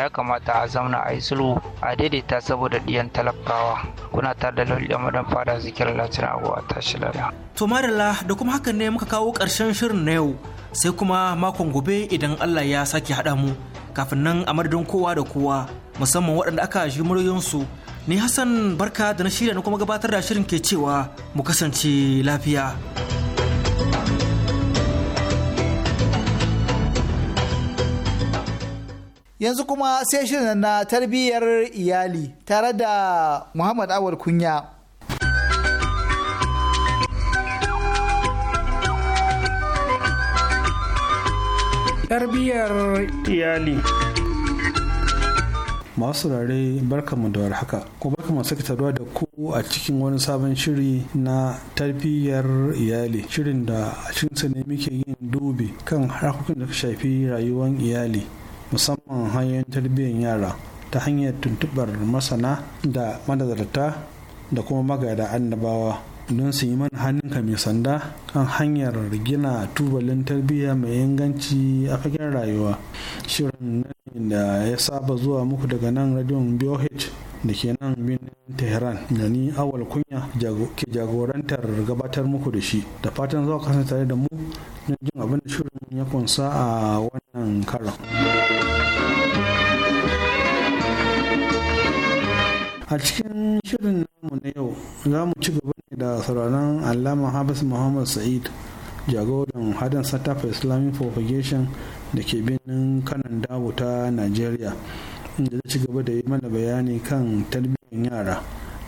ya kamata a zauna a yi sulhu a daidaita saboda ɗiyan talakawa kuna tare da lalɗe madan fada zikirar latin abuwa tashi lada. to da kuma hakan ne muka kawo ƙarshen shirin na yau sai kuma makon gobe idan allah ya sake haɗa mu kafin nan a madadin kowa da kowa musamman waɗanda aka shi muryoyinsu ni hassan barka da na shirya na kuma gabatar da shirin ke cewa mu kasance lafiya. yanzu kuma sai shirin na tarbiyyar iyali tare da muhammad awar kunya tarbiyyar iyali masu rare barkamu da warhaka ko barkamu sake taruwa da ku a cikin wani sabon shiri na tarbiyyar iyali shirin da a cikinsa ne muke yin dubi kan harkokin da shafi rayuwar iyali musamman hanyoyin tarbiyyar yara ta hanyar tuntubar masana da manazarta da kuma magada annabawa don su yi mana hannunka mai sanda kan hanyar gina tubalin tarbiyya mai inganci a fagen rayuwa shirin da ya saba zuwa muku daga nan radion BOH da ke nan birnin tehran da ni awal kunya ke jagorantar gabatar muku da shi da fatan zuwa kasa kasance tare da mu don jin abin da shirin ya kunsa a wannan karon a cikin shirin namu na yau za mu ci gaba ne da sauraron allama habis muhammad sa'id jagoran hadin sata for islamic propagation da ke birnin kanan dawo ta nigeria da zai ci gaba da yi mana bayani kan tarbiyyar yara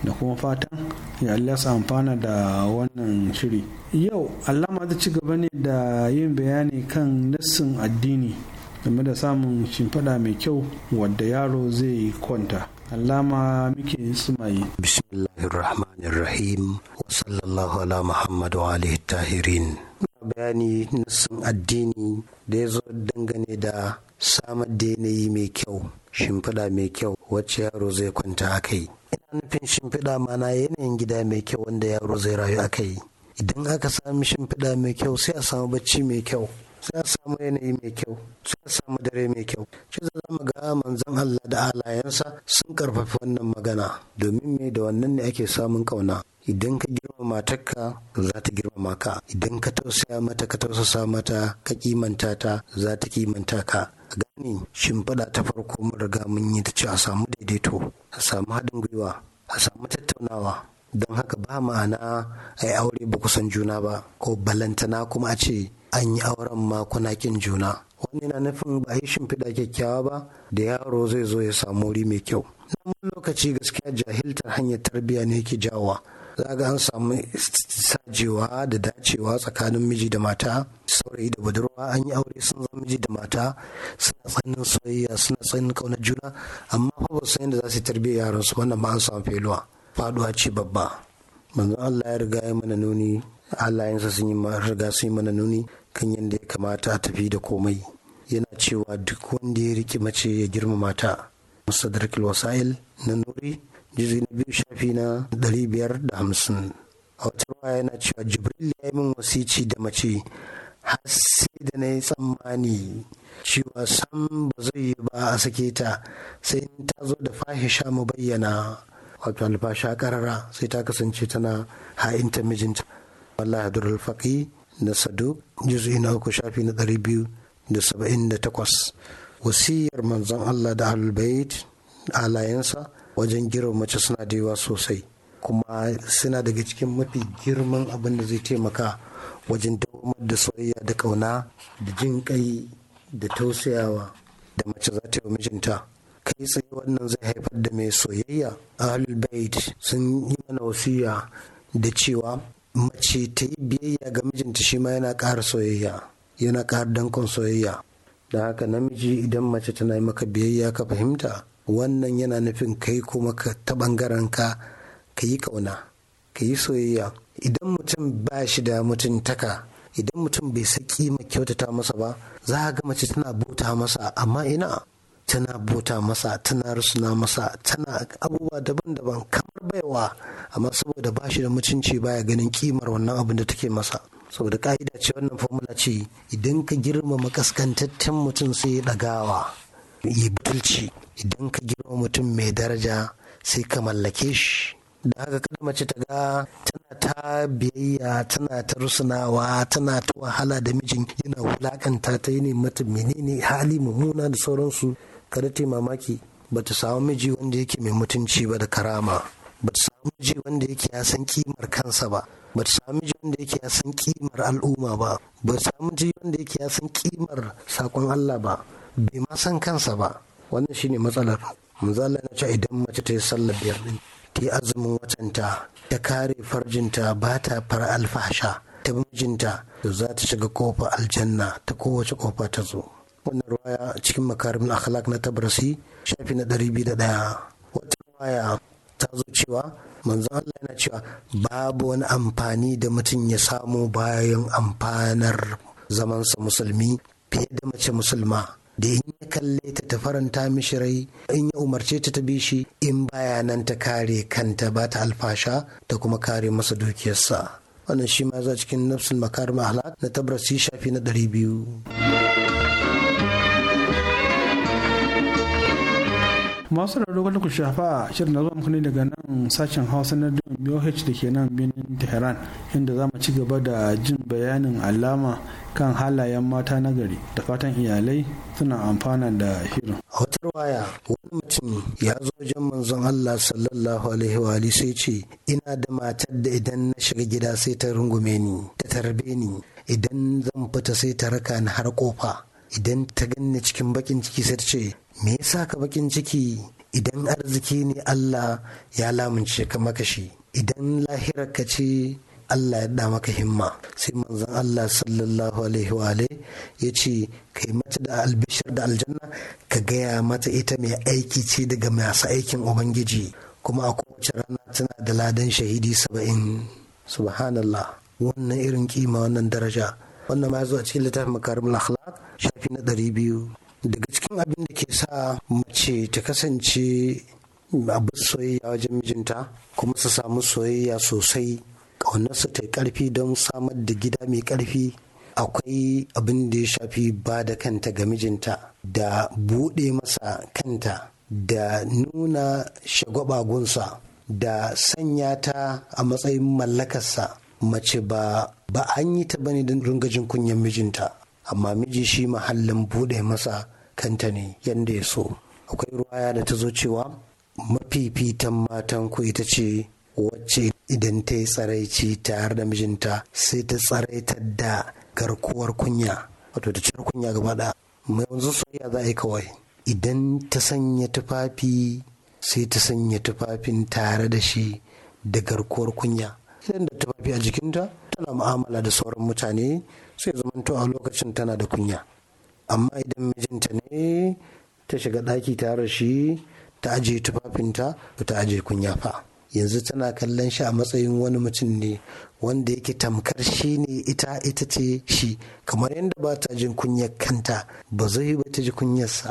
da kuma fatan ya Allah su amfana da wannan shiri yau alama zai ci gaba ne da yin bayani kan nassin addini game da samun shimfiɗa mai kyau wadda yaro zai kwanta allama muke sumaye bismillahirrahmanirrahim wa sallallahu ala muhammadu alihi tahirin bayani nassin addini da ya zo dangane da samar da yanayi mai kyau shimfiɗa mai kyau wacce yaro zai kwanta a kai ina nufin shimfiɗa mana yanayin gida mai kyau wanda yaro zai rayu a kai idan aka sami shimfiɗa mai kyau sai a samu bacci mai kyau sai a samu yanayi mai kyau sai a samu dare mai kyau shi za mu ga manzon Allah da alayensa sun karfafi wannan magana domin me da wannan ne ake samun kauna idan ka girmama matarka za ta girmama ka idan ka tausaya mata ka tausasa mata ka kimanta ta za ta kimanta ka ga ne shimfiɗa ta farko mun riga mun yi ta ce a samu daidaito a samu haɗin gwiwa a samu tattaunawa don haka ba ma'ana a yi aure ba kusan juna ba ko balantana kuma a ce an yi auren ma kuna kin juna wani na nufin ba yi shimfiɗa kyakkyawa ba da yaro zai zo ya samu wuri mai kyau nan lokaci gaskiya jahiltar hanyar tarbiyya ne ke jawa za ga an samu sajewa da dacewa tsakanin miji da mata saurayi da budurwa an yi aure sun zama miji da mata suna tsanin soyayya suna tsanin kauna juna amma fa ba san yadda za su tarbiyya yaran su wannan ba an samu feluwa faduwa ce babba manzo Allah ya riga ya mana nuni halayensa sun yi riga sun yi mana nuni kan yanda ya kamata ta tafi da komai yana cewa duk wanda ya riki mace ya girmama ta musadarkil wasa'il na nuri jizi na biyu shafi na dari biyar da hamsin a wata ruwa yana cewa jibril ya yi min wasici da mace har sai da na yi tsammani cewa sam ba zai yi ba a sake ta sai in ta zo da fahisha mu bayyana wato alfasha karara sai ta kasance tana ha'inta mijinta wallahi durul faqi na sadu juz'i na uku shafi na dari biyu da saba'in da takwas wasiyar manzon Allah da a alayensa wajen girma mace suna da yawa sosai kuma suna daga cikin mafi girman abin da zai taimaka wajen dawamar da soyayya da ƙauna da jin kai da tausayawa da mace za ta yi mijinta kai tsaye wannan zai haifar da mai soyayya ahlul bait sun yi mana wasiya da cewa mace ta yi biyayya ga mijinta shi ma yana ƙara soyayya yana ƙara dankon soyayya da haka namiji idan mace tana yi maka biyayya ka fahimta wannan yana nufin kai kuma ka ta bangaren ka ka yi kauna ka yi soyayya idan mutum ba shi da mutuntaka idan mutum bai saki ma kyautata masa ba za a ga mace tana bota masa amma ina tana bota masa tana rusuna masa tana abubuwa daban-daban kamar baiwa amma saboda ba shi da mutunci baya ganin kimar wannan abin da take masa saboda ka'ida ce wannan formula ce idan ka girmama kaskantaccen mutum sai ya ɗagawa yi butulci idan ka girma mutum mai daraja sai ka mallake shi da haka kada mace ta ga tana ta biyayya tana ta rusunawa tana ta wahala da mijin yana wulakanta ta yi ne mata menene hali mummuna da sauransu kada ta mamaki ba ta samu miji wanda yake mai mutunci ba da karama ba ta samu miji wanda yake ya san kimar kansa ba ba ta samu miji wanda yake ya san kimar al'umma ba ba ta samu miji wanda yake ya san kimar sakon Allah ba bai ma san kansa ba wannan shine matsalar manzo na ce idan mace ta yi sallar biyar ta yi azumin watanta ta kare farjinta ba ta fara alfasha ta mijinta da za ta shiga kofa aljanna ta kowace kofa ta zo wannan ruwaya cikin makarimin akhlaq na tabrasi shafi na ɗaya. wata ruwaya ta zo cewa manzon Allah yana cewa babu wani amfani da mutum ya samu bayan amfanar zamansa musulmi fiye da mace musulma da in ya kalle ta ta faranta mishi rai in ya umarce ta ta bi shi in baya nan ta kare kanta ba ta alfasha ta kuma kare masa dukiyarsa wannan shi ma za cikin nafsin makar mahalat na tabbas shafi na ɗari biyu. masu rarrabu kada ku shafa shirin na zuwa muku ne daga nan sashen hausa na boh da ke nan birnin tehran inda za mu ci gaba da jin bayanin alama kan halayen mata na gari da fatan iyalai suna amfana da shirin a wata waya wani mutum ya zo wajen manzon allah sallallahu alaihi wa sai ce ina da matar da idan na shiga gida sai ta rungume ni ta tarbe ni idan zan fita sai ta raka ni har kofa idan ta ganni cikin bakin ciki sai ta ce me yasa ka bakin ciki idan arziki ne Allah ya lamunce ka makashi idan lahirar ka ce Allah ya da maka himma sai manzon Allah sallallahu alaihi wa ya ce kai mata da albishir da aljanna ka gaya mata ita mai aiki ce daga masu aikin ubangiji kuma a kowace rana tana da ladan shahidi saba'in subhanallah wannan irin kima wannan daraja wannan ma zuwa cikin littafin makarim akhlaq shafi na ɗari biyu daga cikin abin da ke sa mace ta kasance abin soyayya wajen mijinta kuma su samu soyayya sosai ƙaunarsa ta yi ƙarfi don samar da gida mai ƙarfi akwai abin da ya shafi ba da kanta ga mijinta da buɗe masa kanta da nuna shagwabagunsa da sanya ta a matsayin mallakarsa mace ba ba an yi ta bane don rungajin kunyan mijinta amma miji shi mahallin buɗe masa kanta ne yadda ya so akwai ruwaya da ta zo cewa mafifitan matan ku ita ce wacce idan ta yi tsaraici tare da mijinta sai ta tsaraita da garkuwar kunya wato ta cire kunya gaba da wanzu soyayya za a yi kawai idan ta sanya tufafi sai ta sanya tufafin tare da shi da garkuwar kunya idan da tufafi a jikinta tana mu'amala da sauran mutane sai zamanto a lokacin tana da kunya amma idan mijinta ne ta shiga ɗaki tare shi ta ajiye tufafinta ta ajiye kunya fa yanzu tana kallon shi a matsayin wani mutum ne wanda yake tamkar shi ne ita ita ce shi kamar yadda ba ta jin kunyar kanta ba zai ba ta ji kunyarsa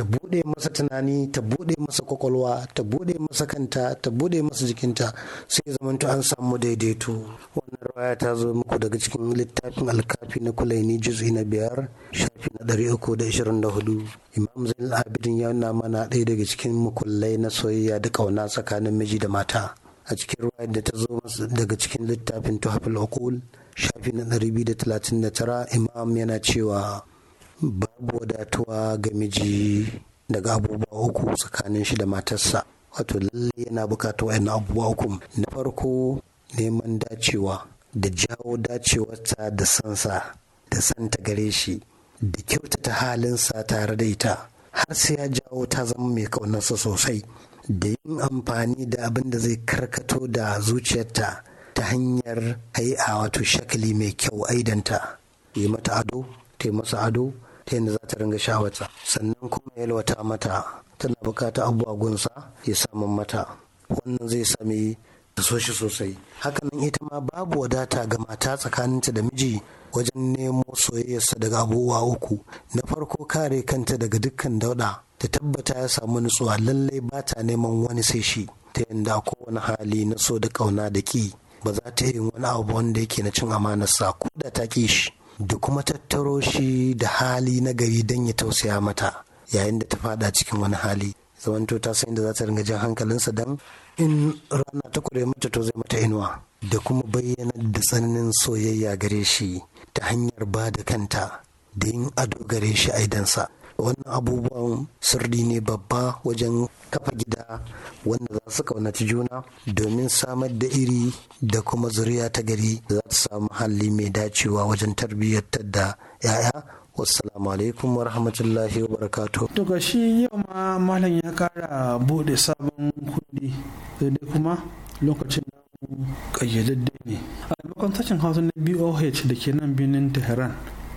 ta buɗe masa tunani ta buɗe masa kwakwalwa ta buɗe masa kanta ta buɗe masa jikinta sai zamanto an samu daidaito wannan rawaya ta zo muku daga cikin littafin alkafi na kulaini juz'i na biyar shafi na ɗari uku da ishirin da hudu imam zain abidin ya nuna mana ɗaya daga cikin mukullai na soyayya da ƙauna tsakanin miji da mata a cikin ruwayar da ta zo daga cikin littafin tuhafil okul shafi na 239 imam yana cewa babu wadatuwa ga miji daga abubuwa uku tsakanin shi da matarsa wato lalle yana bukata wayannan abubuwa uku na farko neman dacewa da jawo dacewarta da sansa da santa gare shi da kyautata halinsa tare da ita har sai ya jawo ta zama mai kaunarsa sosai da yin amfani da abin da zai karkato da zuciyarta ta hanyar a wato shakali mai kyau aidanta yi mata ado ta yi masa ado ta yadda za ta ringa shawata sannan kuma yalwata mata tana bukata abuwa gunsa ya samu mata wannan zai sami ta so shi sosai hakanan ita ma babu wadata ga mata tsakaninta da miji wajen nemo soyayyarsa daga abubuwa uku na farko kare kanta daga dukkan dauda ta tabbata ya samu nutsuwa lallai ba ta neman wani sai shi ta yadda kowane hali na so da kauna da ki ba za ta yi wani abu wanda yake na cin amanarsa ko da ta ki shi da kuma tattaro shi da hali na gari don ya tausaya mata yayin da ta fada cikin wani hali zamanto ta san da za ta ringa jan hankalinsa don in rana ta kure mata to zai mata inuwa da kuma bayyana da tsananin soyayya gare shi ta hanyar ba da kanta da yin ado gare shi aidansa wannan abubuwan sirri ne babba wajen kafa gida wanda za su kaunaci juna domin samar da iri da kuma zuriya ta gari za ta samu hali mai dacewa wajen tarbiyyar da 'ya'ya wasalamu alaikum wa rahmatullahi wa barakatu. ga shi yau ma malam ya kara bude sabon kundi sai kuma lokacin da kayyadadde ne. A maimakon sashen hausa na BOH da ke nan birnin Tehran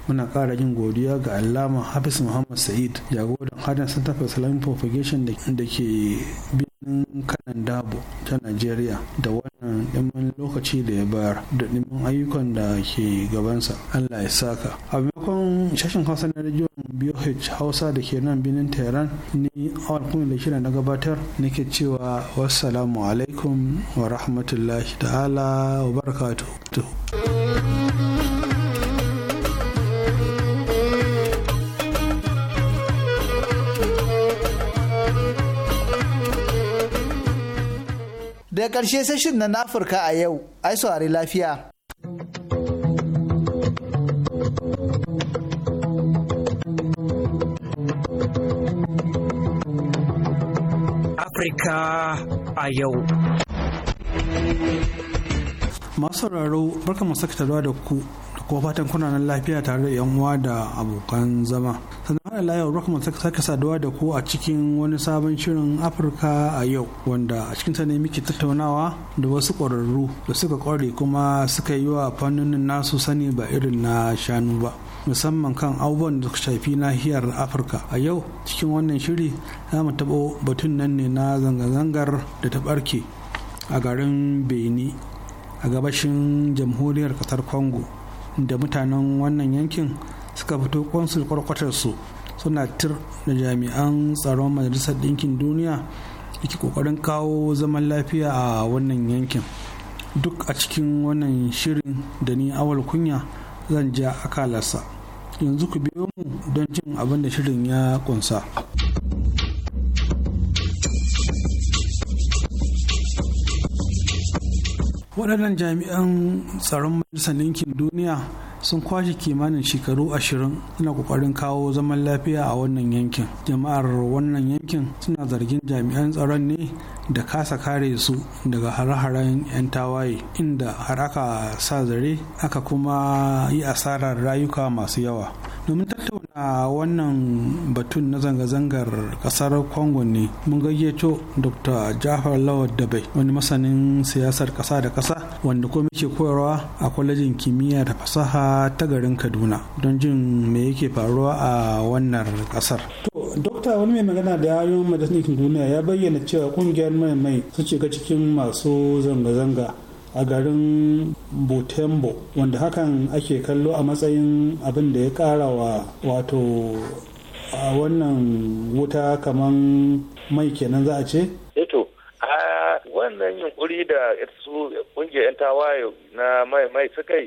muna ƙara yin godiya ga allama hafiz muhammad sa'id jagoran hadin center for islamic propagation da ke birnin kanan dabo ta nigeria da wannan ɗimin lokaci da ya bayar da ɗimin ayyukan da ke gabansa allah ya saka a maimakon shashin hausa na rajiyon BOH Hausa da ke nan birnin Tehran ni awal kuma da shirin na gabatar nake cewa wassalamu alaikum wa rahmatullahi ta'ala wa barakatuhu. da ƙarshe sai na afirka a yau ai saurari lafiya afirka a yau masu sauraro barka masu da ku ko fatan kuna nan lafiya tare da yan uwa da abokan zama sannan layar yau ta sake saduwa da ku a cikin wani sabon shirin Afirka a yau wanda a cikin ta ne muke tattaunawa da wasu ƙwararru da suka ƙware kuma suka yi wa fannonin nasu sani ba irin na shanu ba musamman kan abubuwan da shafi nahiyar afirka a yau cikin wannan shiri za mu taɓo batun nan ne na zanga-zangar da ta ɓarke a garin beni a gabashin jamhuriyar ƙasar congo da mutanen wannan yankin suka fito kwansul kwarkwatarsu suna tir da jami'an tsaron majalisar ɗinkin duniya da ke ƙoƙarin kawo zaman lafiya a wannan yankin duk a cikin wannan shirin da ni awal kunya zan ja akalarsa yanzu ku biyo mu don cin abin da shirin ya kunsa. waɗannan jami'an tsaron majalisar ɗinkin duniya sun kwashe kimanin shekaru ashirin suna kokarin kawo zaman lafiya a wannan yankin jama'ar wannan yankin suna zargin jami'an tsaron ne da kasa kare su daga hare-haren 'yan tawaye inda har aka sa zare aka kuma yi asarar rayuka masu yawa domin tattauna wannan batun na zanga-zangar kasar congo ne mun gayyato dr jafar lawal dabai wani masanin siyasar kasa da kasa wanda kuma ke koyarwa a kwalejin kimiyya da fasaha ta garin kaduna don jin me yake faruwa a wannan kasar dokta wani mai magana da yayin majalisar duniya ya bayyana cewa kungiyar mai mai su shiga cikin masu zanga-zanga a garin botembo wanda hakan ake kallo a matsayin abin da ya kara wa wato a wannan wuta kamar mai kenan za a ce? eto eh a wannan yunkuri da su kungiyar 'yan tawaye na mai mai suka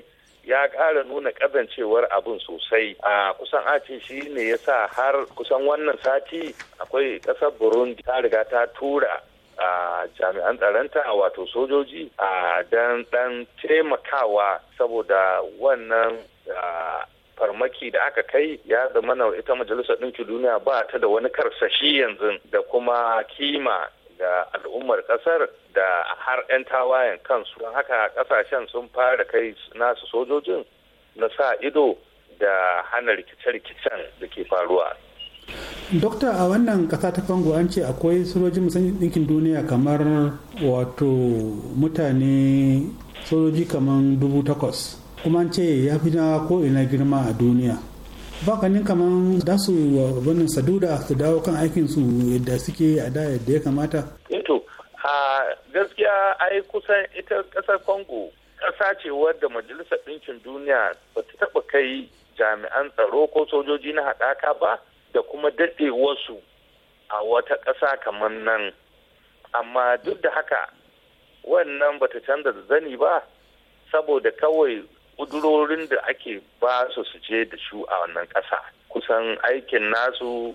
ya ƙara nuna ƙazancewar abin sosai a kusan ace shi ne ya sa har kusan wannan sati akwai ƙasar burundi ta riga ta tura a jami'an tsaronta wato sojoji a dan dan taimakawa saboda wannan farmaki da aka kai ya zama na ita majalisar ɗinki duniya ba ta da wani karsashi yanzu da kuma kima da al'ummar kasar da har 'yan tawayen kansu don haka kasashen sun fara kai nasu sojojin na sa ido da hana rikice-rikicen da ke faruwa dokta a wannan kasa ta fango an ce akwai sojojin musamman ɗinkin duniya kamar wato mutane sojoji kamar dubu takwas kuma an ce ya fi na ko'ina girma a duniya ba kanin kaman da su wannan saduda su dawo kan aikin su yadda suke a da yadda ya kamata eto eh a gaskiya ai kusan ita kasar congo kasa ce wadda majalisar ɗinkin duniya ba ta taɓa kai jami'an tsaro ko sojoji na haɗaka ba da kuma daɗewarsu a wata ƙasa kamar nan amma duk da haka wannan bata canza da zani ba saboda kawai kudurorin da ake ba su su je da shu a wannan ƙasa kusan aikin nasu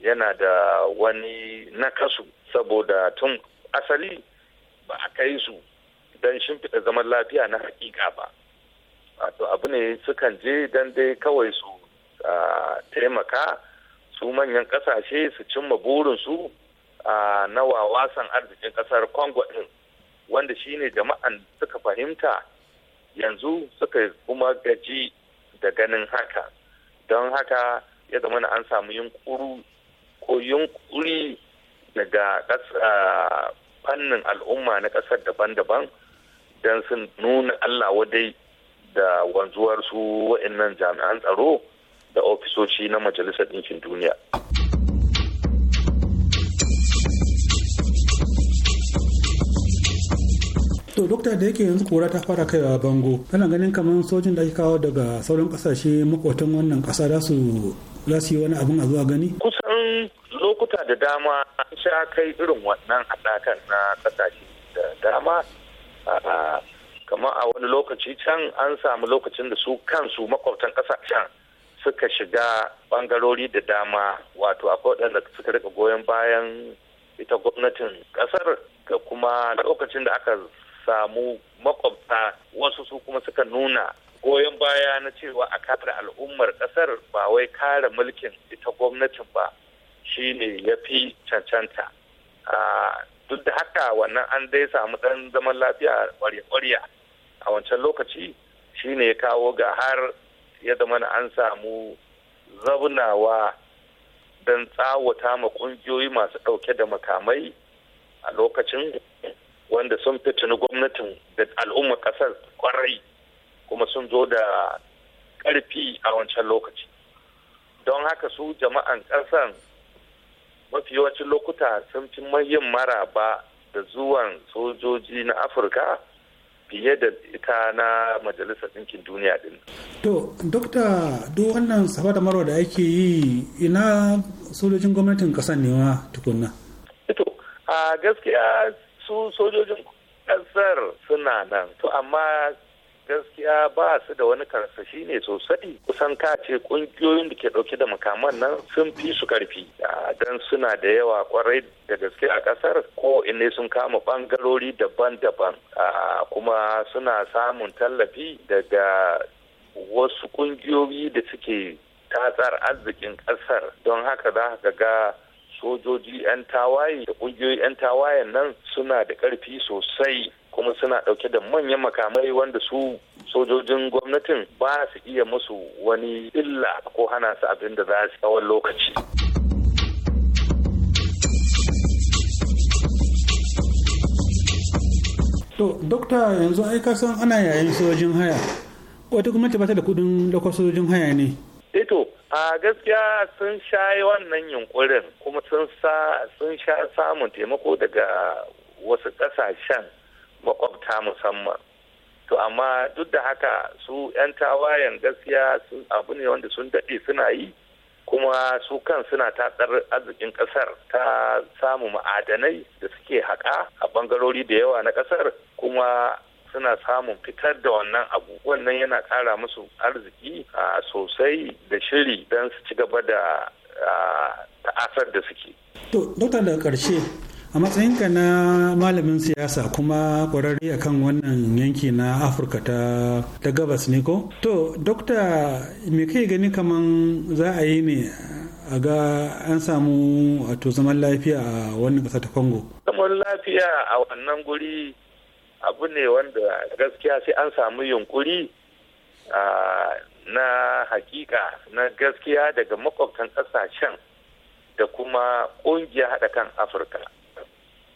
yana da wani nakasu saboda tun asali ba a kai su don shimfiɗa zaman lafiya na hakika ba wato abu ne sukan je don dai kawai su taimaka su manyan ƙasashe su cimma burinsu na wawasan arzikin ƙasar congo ɗin wanda shine jama'an suka fahimta yanzu suka kuma gaji da ganin haka don haka ya zama an samu yunkuru ko yunkuri daga fannin al'umma na ƙasar daban-daban don sun nuna Allah wadai da wanzuwar su wa'annan jami'an tsaro da ofisoci na majalisar ɗinkin duniya. so dokta da yake yanzu kura ta fara kaiwa bango kana ganin kamar sojin da ake kawo daga sauran kasashe makwatan wannan kasa za su yi wani abin a zuwa gani kusan lokuta da dama an sha kai irin wannan haɗakar na kasashe da dama kamar a wani lokaci can an samu lokacin da su kansu makwabtan kasashen suka shiga bangarori da dama wato akwai waɗanda suka rika goyon bayan ita gwamnatin ƙasar da kuma lokacin da aka samu makwabta wasu su kuma suka nuna goyon baya na cewa a kare al'ummar kasar ba wai kare mulkin ita gwamnatin ba shi ne ya fi cancanta duk da haka wannan an dai samu ɗan zaman lafiya kwarya-kwarya a wancan lokaci shi ne ya kawo ga har ya zama an samu zaunawa don tsawata ma ƙungiyoyi masu ɗauke da makamai a lokacin wanda sun fitini gwamnatin da al'umma kasar kwarai kuma sun zo da ƙarfi a wancan lokaci don haka su jama'an ƙasan mafi yawancin lokuta sun fi mara maraba da zuwan sojoji na afirka fiye da ita na majalisar ɗinkin duniya ɗin. to dokta duk wannan saba da marwa da ake yi ina sojojin gwamnatin ƙasar ne ma tukunna. to a gaskiya su sojojin ƙasar suna nan to amma gaskiya ba su da wani karsashi ne sosai kusan kace kungiyoyin da ke dauke da makaman nan sun fi su karfi don suna da yawa kwarai da gaske a kasar ko inne sun kama bangarori daban-daban kuma suna samun tallafi daga wasu kungiyoyi da suke tatsar arzikin kasar don haka za ka ga sojoji 'yan tawaye da ƙungiyoyi 'yan tawayen nan suna da ƙarfi sosai kuma suna ɗauke da manyan makamai wanda su sojojin gwamnatin ba su iya musu wani illa ko hana su abin da za su tsawon lokaci. To, dokta yanzu ai san ana yayin sojojin haya. Wata gwamnati ba ta da kudin lokacin sojojin haya ne. Eto, eh a gaskiya sun sha wannan yunkurin kuma sun sha samun taimako daga wasu ƙasashen makwabta musamman to amma duk da haka su 'yan tawayen gaskiya sun abu ne wanda sun daɗe suna yi kuma su kan suna tatsar arzikin ƙasar ta samu ma'adanai da suke haƙa a ɓangarori da yawa na ƙasar kuma suna samun fitar da wannan abu wannan yana ƙara musu arziki a sosai da shiri don su ci gaba da ta'asar da suke. To, dokta daga ƙarshe a matsayinka na malamin siyasa kuma kwararre kan wannan yanki na afirka ta, gabas ne ko to dokta me kai gani kaman za a yi ne a ga an samu wato zaman lafiya a wannan ƙasa ta congo zaman lafiya a wannan guri abu ne wanda gaskiya sai an samu yunkuri na hakika na gaskiya daga makwabtan ƙasashen da kuma ƙungiya haɗa kan afirka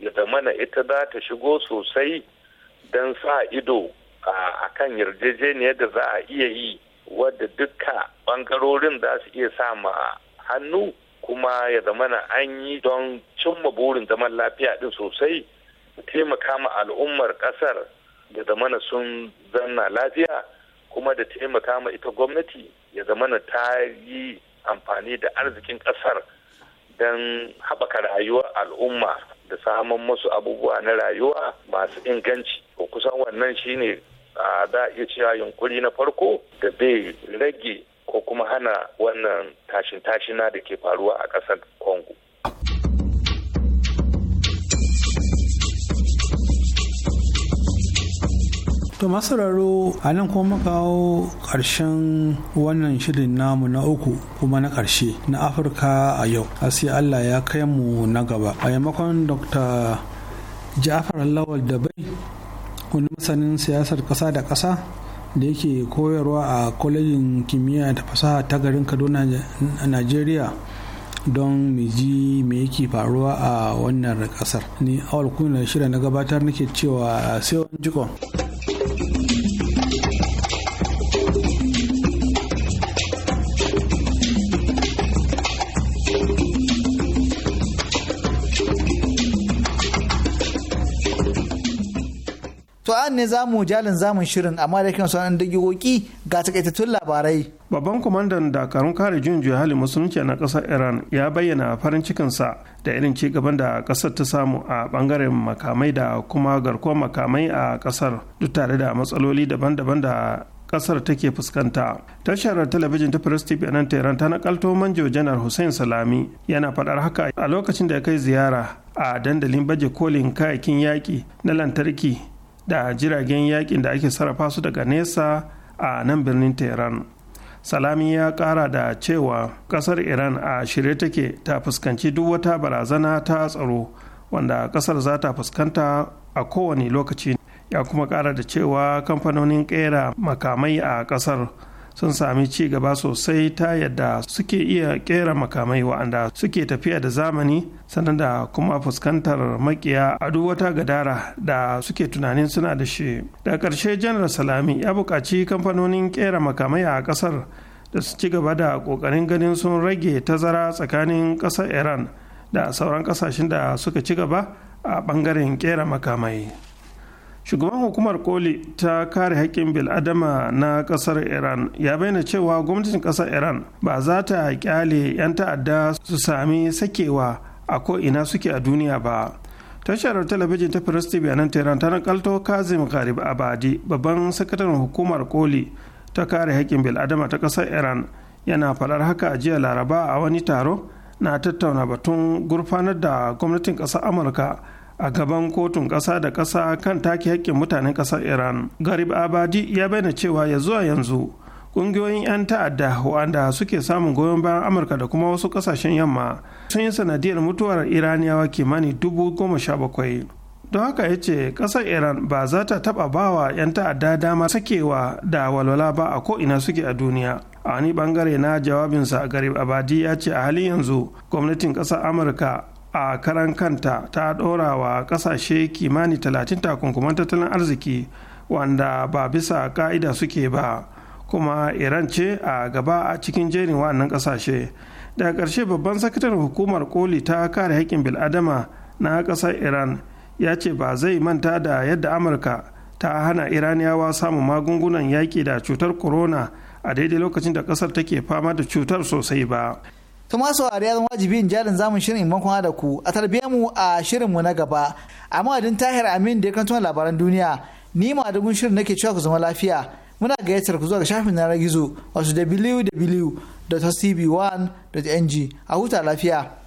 ya zamana ita za ta shigo sosai don sa ido a kan yarjejeniyar da za a iya yi wadda duka ɓangarorin za su iya sa ma hannu kuma ya zamana an yi don cimma burin zaman lafiya ɗin sosai taimaka ma al'ummar kasar ya zamana sun zanna lafiya kuma da taimaka ma ita gwamnati ya zamana ta yi amfani da arzikin kasar don haɓaka rayuwar al'umma da samun masu abubuwa na rayuwa masu inganci kusan wannan shine ne a iya cewa yunkuri na farko da bai rage ko kuma hana wannan tashin-tashina da ke faruwa a ƙasar congo To masararo a nan kuma kawo ƙarshen wannan shirin namu na uku kuma na ƙarshe na Afirka a yau. sai Allah ya kai mu na gaba. A yamakon Dr. Ja'far Lawal da bai wani masanin siyasar ƙasa da ƙasa da yake koyarwa a kwalejin kimiyya da fasaha ta garin Kaduna a Najeriya. don mu ji me yake faruwa a wannan ƙasar ni awal kuna shirya na gabatar nake cewa sai wani jikon. To ne za mu jalin zamun shirin amma da kiran da dangigoki ga takaitattun labarai. Babban kwamandan dakarun kare juyin juya hali musulunci na ƙasar Iran ya bayyana farin cikinsa da irin ci gaban da ƙasar ta samu a bangaren makamai da kuma garkuwar makamai a ƙasar duk tare da matsaloli daban-daban da kasar take fuskanta tashar talabijin ta press tv nan tehran ta nakalto manjo janar hussein salami yana faɗar haka a lokacin da ya kai ziyara a dandalin baje kolin kayakin yaƙi na lantarki da jiragen yakin da ake sarrafa su daga nesa a nan birnin tehran salami ya kara da cewa kasar iran a shirye take ta fuskanci duk wata barazana ta tsaro wanda kasar za ta fuskanta a kowane lokaci ya kuma kara da cewa kamfanonin kera makamai a kasar sun sami ci gaba sosai ta yadda suke iya kera makamai wa'anda suke tafiya da zamani sannan da kuma fuskantar makiya a duk wata gadara da suke tunanin suna da shi da ƙarshe janar salami ya buƙaci kamfanonin kera makamai a ƙasar da su ci gaba da ƙoƙarin ganin sun rage tazara tsakanin ƙasar iran da sauran ƙasashen da suka ci gaba a ɓangaren kera makamai. shugaban hukumar koli ta kare haƙƙin bil'adama na ƙasar iran ya bayyana cewa gwamnatin ƙasar iran ba za ta ƙyale 'yan ta'adda su sami sakewa a ko'ina suke a duniya ba tashar talabijin ta firas tv a nan tehran ta nakalto kazim garib abadi babban sakataren hukumar koli ta kare haƙƙin bil'adama ta ƙasar iran yana faɗar haka a jiya laraba a wani taro na tattauna batun gurfanar da gwamnatin ƙasar amurka a gaban kotun ƙasa da ƙasa kan take haƙƙin mutanen ƙasar iran garib abadi ya bayyana cewa ya zuwa yanzu ƙungiyoyin 'yan ta'adda wanda suke samun goyon bayan amurka da kuma wasu ƙasashen yamma sun yi sanadiyar mutuwar iraniyawa kimanin dubu goma sha bakwai don haka ya ce ƙasar iran ba za ta taɓa bawa 'yan ta'adda dama sakewa da walwala ba a ko'ina suke a duniya a wani bangare na jawabinsa garib abadi ya ce a halin yanzu gwamnatin ƙasar amurka a karan kanta ta ɗora wa ƙasashe kimani talatin takunkuman tattalin arziki wanda ba bisa ƙa'ida suke ba kuma iran ce a gaba a cikin jerin wa'annan ƙasashe daga karshe babban sakataren hukumar koli ta kare haƙƙin bil'adama na ƙasar iran ya ce ba zai manta da yadda amurka ta hana iraniyawa samun magungunan yaƙi da cutar corona a daidai lokacin da ƙasar take fama da cutar sosai ba kuma saurari ya zama wajibi in jarin zamun shirin in bankon da ku a tarbiyyar mu a shirin mu na gaba A din tahir amin da ya kan labaran duniya ni ma dugun shirin nake cewa ku zama lafiya muna gayyatar ku zuwa ga shafin na gizo wasu www.cb1.ng a huta lafiya.